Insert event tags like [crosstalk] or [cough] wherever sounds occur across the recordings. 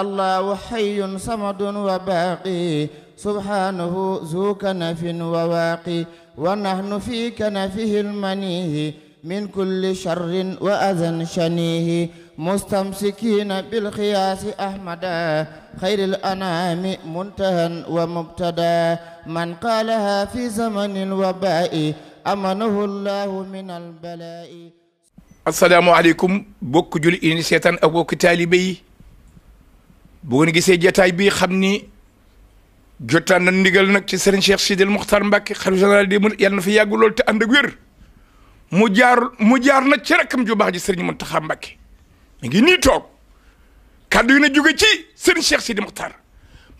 الله حي صمد وباقي سبحانه ذو كنف وواقي ونحن في كنفه المنيه من كل شر وأذى شنيه مستمسكين بالخياس أحمدا خير الأنام منتهى ومبتدا من قالها في زمن الوباء أمنه الله من البلاء السلام عليكم بوك جل إن شيطان أبوك تالي bu gisee jotaay bii xam ni jotaan na ndigal nag ci Serigne Cheikh Sidil Mokhtar Mbacke xalifa général di mu yàlla na fi yàgg lool te ànd ak mu jaar mu jaar nag ci rakkam ju baax ji Serigne Mountakha Mbacke ngi nii toog kàddu yi na jóge ci Serigne Cheikh Sidil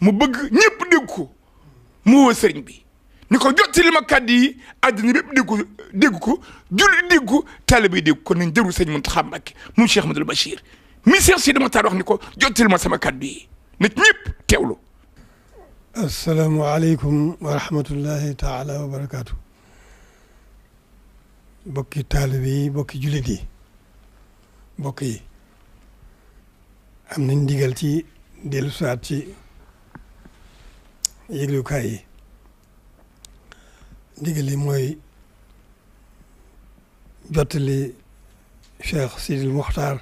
mu bëgg ñëpp dégg ko mu woo Serigne bi ni ko jottali ma kàddu yi àddina bépp dégg ko dégg ko julli dégg ko taalibe dégg ko nañ jëru Serigne Mountakha Mbacke moom Cheikh monsieur Sidi Mokhtar wax ni ko jottil ma sama kàddu yi nit ñëpp teewlu. asalaamualeykum wa rahmatullahi taala wa barakaatu. bokki taalibe yi bokki jullit yi bokk yi am nañ ndigal ci dellu saat ci yëglukaay yi ndigal li mooy jottali Cheikh Sidil Mokhtar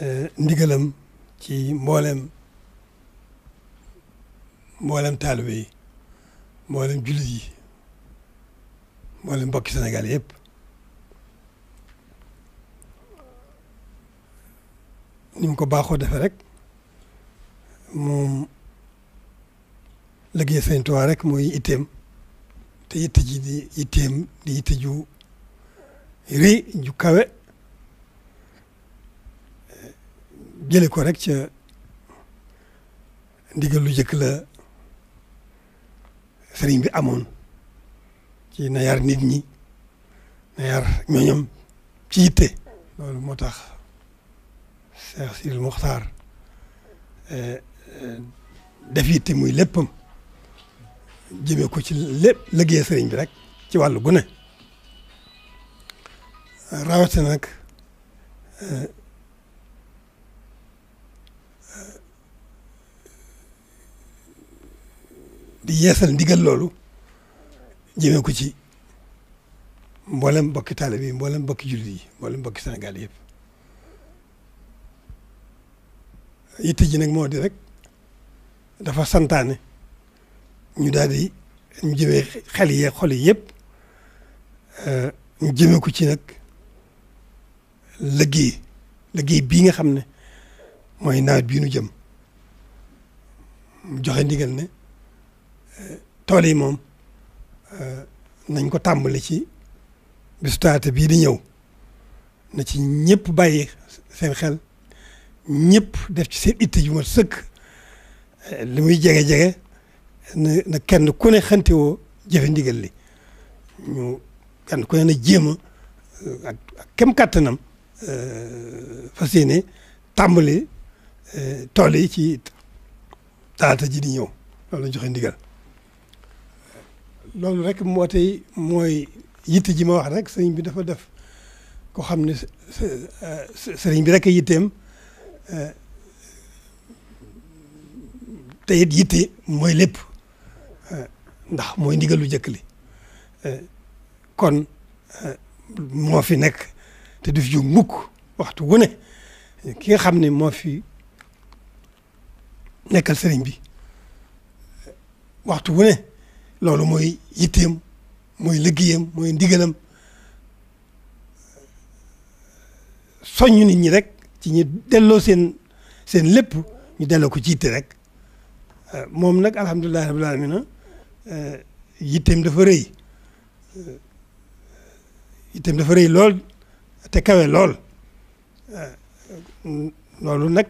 Eh, ndigalam ci mboolem mboolem taalibe mboolem jullit yi mboolem mbokki Sénégal yëpp ni ko baaxoo defee rek moom liggéey Sëñ Tuubaa rek mooy itteem ti itte ji di di itte ju ri ju kawe jële ko rek ca ndigal lu jëkk la sëriñ bi amoon ci na yar nit ñi na yar ñooñam ci yitte loolu moo tax Cheikh Sidil Mokhtar eh, eh, def yitte muy léppam jëmee ko ci lépp liggéey sëriñ bi rek ci wàllu gune rawatina eh, di yeesal ndigal loolu jëmee ko ci mboolem bokki taalibe yi mboolem bokki jullit yi mboolem bokki Sénégal yëpp yitte ji nag moo di rek dafa santaane ñu daal di ñu jëmee xel yi xol yi yëpp eh, ñu ko ci nag liggéey liggéey bii nga xam ne mooy naat bii nu jëm joxe ndigal ne tool yi moom euh, nañ ko tàmbali ci bisu talaata bii di ñëw na ci ñëpp bàyyi seen xel ñëpp def ci seen itte yu sëkk euh, li muy jege-jege na kenn ku ne xantewoo jëfe ndigal li ñu kenn ku ne na jéem a euh, ak kem kàttanam fas yéene tàmbali tool yi ci talaata ji di ñëw loolu la joxe ndigal loolu rek moo mooy yitte ji ma wax rek sëriñ bi dafa def ko xam ne sëriñ bi rek a yitteem te yitte mooy lépp ndax mooy ndigalu njëkk li kon moo fi nekk te du fi jóg waxtu wu ki nga xam ni moo fi nekkal sëriñ bi waxtu wune loolu mooy yitteem mooy liggéeyam mooy ndigalam soññ nit ñi rek ci ñu delloo seen seen lépp ñu delloo ko ci yitte rek moom nag alhamdulillahi rabbil alamina eh, yitteem dafa rëy eh, yitteem dafa rëy lool te kawe lool eh, loolu nag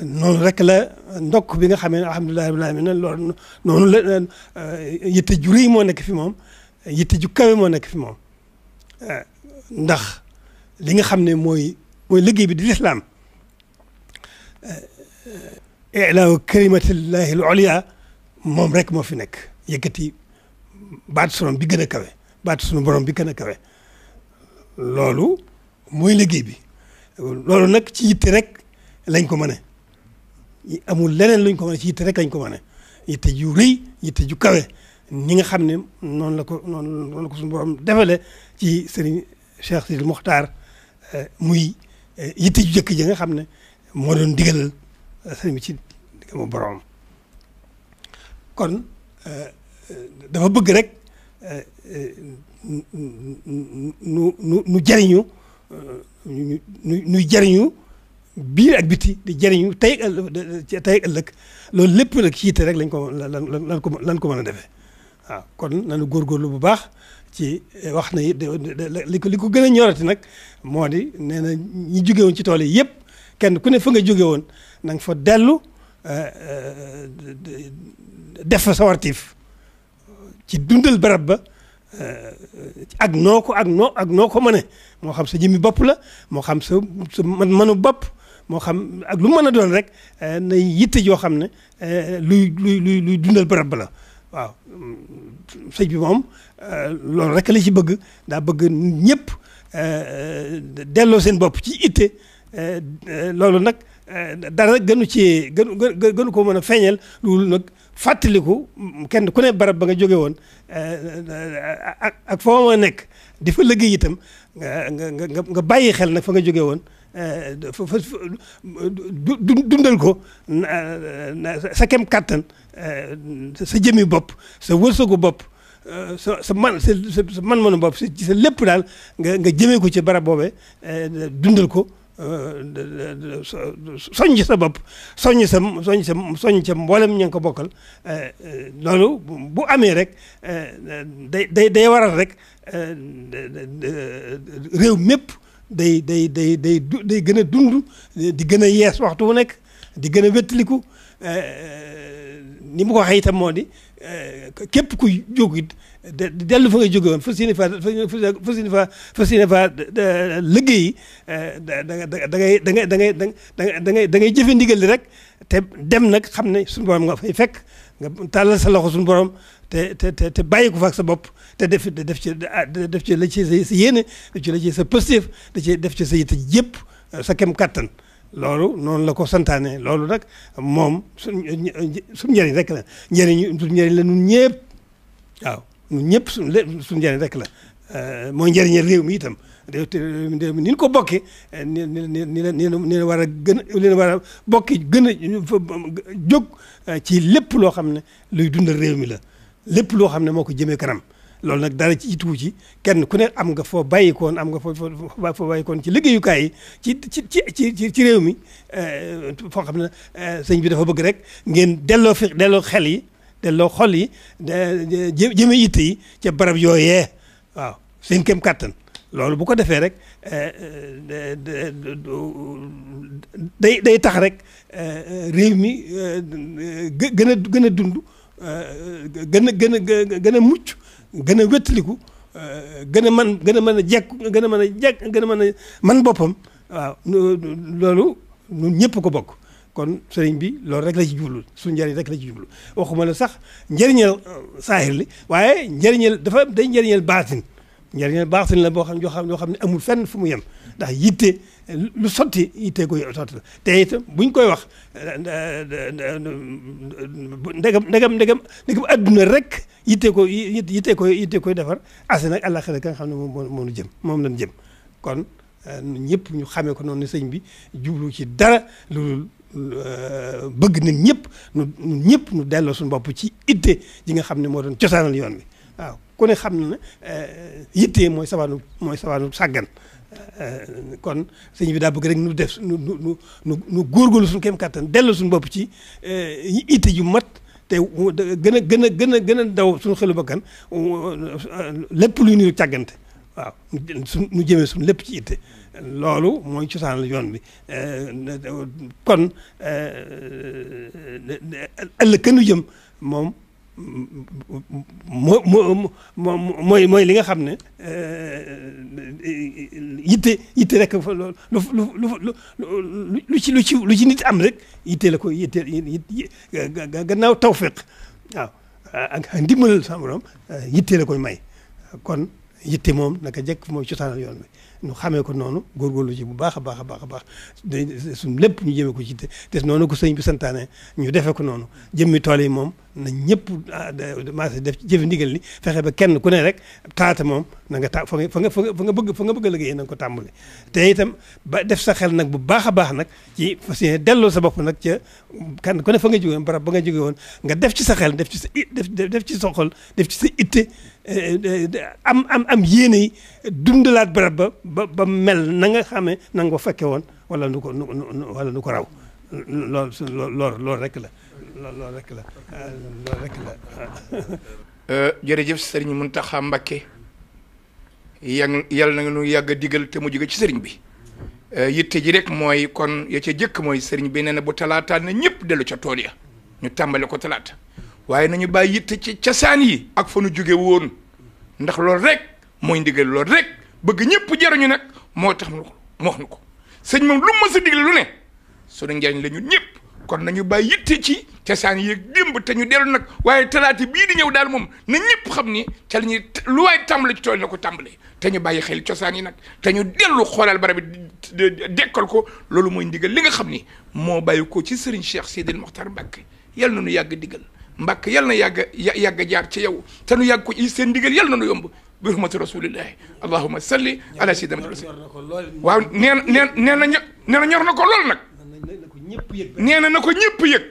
noonu rek la ndokk bi nga xamee ne alhamdulilah rabbil alamin loolu noonu la euh, ju moo nekk fi moom yitte ju kawe moo nekk fi moom euh, ndax li nga xam ne mooy mooy liggéey bi di lislaam euh, ilaahu moom rek moo fi nekk yëkkati baat surom bi gën a kawe baat sunu borom bi gën a kawe loolu mooy liggéey bi loolu nag ci yitte rek lañ ko mën a amul leneen luñ ko mën a ci yitte rek lañ ko mën a yitte ju rëy yitte ju kawe ni nga xam ne noonu la ko noonu la ko suñu borom ci sëriñ Cheikh Sidil Mokhtar euh, muy euh, yitte ju jëkk nga xam ne moo doon digalal euh, sëriñ bi ci diggamu borom kon dafa bëgg rek nu nu nu jariñu nu nu jariñu biir ak biti di jëriñu tey tey ëllëg loolu lépp nag yitte rek lañ ko lan lan ko lan ko mën a defee waaw kon nañu góorgóorlu bu baax ci eh, wax na it li ko gën a ñorati nag moo di nee na ñi jóge woon ci tool yi yëpp kenn ku ne fa nga jóge woon na fa dellu eh, eh, def fa sa wartiif ci dundal barab ba ak noo ak noo ak noo ko mëne moo xam sa jëmmi bopp la moo xam sa sa man manu bopp moo xam ak lu mën a doon rek eh, na yitte joo xam ne eh, luy luy luy luy dundal barab ba la waaw mm, sëñ bi moom eh, loolu rek la ci bëgg daa bëgg ñëpp delloo seen bopp ci itte loolu nag dara gënu ci gënu gënu ko mën a feeñal loolu nag fàttaliku mm, kenn ku ne barab ba nga jóge woon ak ak foo ma nekk di fa liggéey itam nga nga nga bàyyi xel nag fa nga jóge woon fa dundal ko sa kem kàttan eh, sa jëmi bopp sa wërsëgu bopp eh, sa sa man sa sa man-manu bopp sa sa lépp daal nga nga jëmee ko ci barab boobe eh, dundal ko soññ sa bopp soññ sa soññ sa soññ sa mboolem ña ko bokkal loolu bu amee rek day day day waral rek réew mépp day day day day day gën a dund di gën a yees waxtu wu nekk di gën a wéttaliku eh, ni mu ko waxee itam moo di eh, képp ku jóg it dellu fa nga jóge woon fas yéene fa fas yéene fa fas yéene fa eh, liggéey da da da ngay da ngay da ngay da ngay da ngay jëfe ndigal li rek te dem nag xam ne suñu borom nga fay fekk nga tàllal sa loxo suñu borom te te te te bàyyi ko ak sa bopp te def def ci def ci la ci sa yéene def ci la ci sa positif da ci def ci sa yitte yëpp euh, sa kem kattan loolu noonu la ko santaane loolu nag moom suñ suñu njëriñ rek la njëriñ suñu njëriñ la nun ñëpp waaw nun ñëpp suñu njëriñ rek la euh, moo njëriñal réew mi itam ni ñu ko bokkee eh, ni ni ni ni leen war a gën leen war a bokkee gën a jóg eh, ci lépp loo xam ne luy dundal réew mi la lépp loo xam ne moo ko jëmee kanam loolu nag dara ci ituwu ci kenn ku ne am nga foo bàyyikoon am nga foo bay bàyyikoon ci liggéeyukaay yi ci ci ci ci ci réew mi eh, foo xam ne sëñ bi dafa bëgg rek ngeen delloo fi delloo xel yi delloo xol yi jëme itte yi ca barab yooyee waaw seen kem kàttan loolu bu ko defee rek eh, eh, day day tax rek eh, réew mi gën a gën a dund gën a gën a gën a mucc gën a wéttaliku gën a mën gën a mën a jekk gën a mën a jekk gën a mën a man boppam waaw loolu ñun ñëpp ko bokk kon sëriñ bi loolu rek la ci jublu suñu njëriñ rek la ci jublu waxuma la sax njëriñal saahir li waaye njëriñal dafa day njëriñal baatin njëriñ baaxuñ la boo xam yoo xam yoo xam ne amul fen fu mu yem ndax yitte lu sotti yitte koy sotti te itam buñ koy wax ndegam ndegam ndegam ndegam adduna rek yitte ko yitte ko yitte koy defar as nag àllaxira nga xam ne moom moo jëm moom lañ jëm kon euh, ñëpp ñu xamee ko noonu sëñ bi jublu ci dara loolu euh, bëgg nit ñëpp nu ñëpp delloo suñu bopp ci itte ji nga xam ne moo doon cosaanal yoon bi kone ne xam na ne eh, yittee mooy sabaanu mooy sabaanu sàggan eh, kon sëñ bi daa bëgg rek nu def nu nu nu nu góorgóorlu suñu kéem kattan dellu suñu bopp ci eh, itte ju mat te gën a gën a gën a gën a daw suñu xelu bakkan lépp luy niru càggante waaw suñ nu jëmee suñu lépp ci itte loolu mooy cosaan la yoon bi kon ëllëg ka nu jëm moo moo mooy mooy li nga xam ne euh, yitte yitte rek lu lu lu lu ci lu ci lu ci nit am rek yitte la ko yitte gannaaw tawfiq waaw ak ndimbalal sama borom yitte la koy may kon yitte moom naka jekk mooy cosaanal yoon bi ñu xamee ko noonu góorgóorlu ci bu baax a baax a baax a baax suñ lépp ñu jëmee ko ci yitte te noonu ko sëñ bi santaane ñu defee ko noonu jëmmi tool yi moom na ñëpp ah, maase def jëfe ndigal li fexe ba kenn ku ne rek talaata moom na nga ta fa nga fa nga fa nga bëgg fa nga bëgg a ko tàmbali te itam ba def sa xel nag bu baax a baax nag ci fas yéene delloo sa bopp nag ca kenn ku ne fa nga jóge woon barab ba nga jóge woon nga def ci sa xel def ci sa def def ci sa def ci sa itte eh, eh, eh, am am am yéene yi dundalaat barab ba ba ba mel na nga xamee na ko fekke woon wala nu ko nu wala nu ko raw loolu loolu loolu rek la loolu rek la [laughs] loolu rek la. [laughs] Euh, jërëjëf sëriñ Mountakha Mbacké yan yal na nu yàgg a digal te mu jóge ci sëriñ bi euh, yitte ji rek mooy kon ya ca jëkk mooy sëriñ bi nee bu talaataa ne ñëpp dellu ca tool ya ñu tàmbale ko talaata waaye nañu bàyyi yitte ci casaan yi ak fa nu jóge woon ndax loolu rek mooy ndigal lool rek bëgg ñëpp jaruñu nag moo tax mu wax nu ko sëñ moom lu ma sa digle lu ne sunu njariñ la ñun ñëpp kon nañu bàyyi yitte ci cosaan yeeg démb te ñu dellu nag waaye talaata bii di ñëw daal moom na ñëpp xam ni ca la ñuy lu waay tàmbali ci tool na ko tàmbali te ñu bàyyi xel cosaan yi nag te ñu dellu xoolal barab bi dekkal ko loolu mooy ndigal li nga xam ni moo bay ko ci Serigne Cheikh Sidil Mokhtar Mbacké yal na nu yàgg digal Mbacké yal na yàgg yàgg jaar ci yow ta nu yàgg ko ci seen ndigal yal na nu yomb bi hurmati rasulillahi allahumma salli ala sayyidina waaw nee na nee na ñor na ko lool nag nee na na ko ñëpp yëg.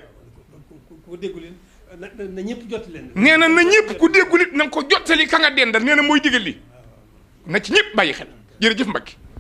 na ñëpp jottali leen. nee na na ñëpp ku déggulit na nga ko jottali ka nga dendal nee na mooy digal li na ci ñëpp bàyyi xel jërëjëf Mbacke.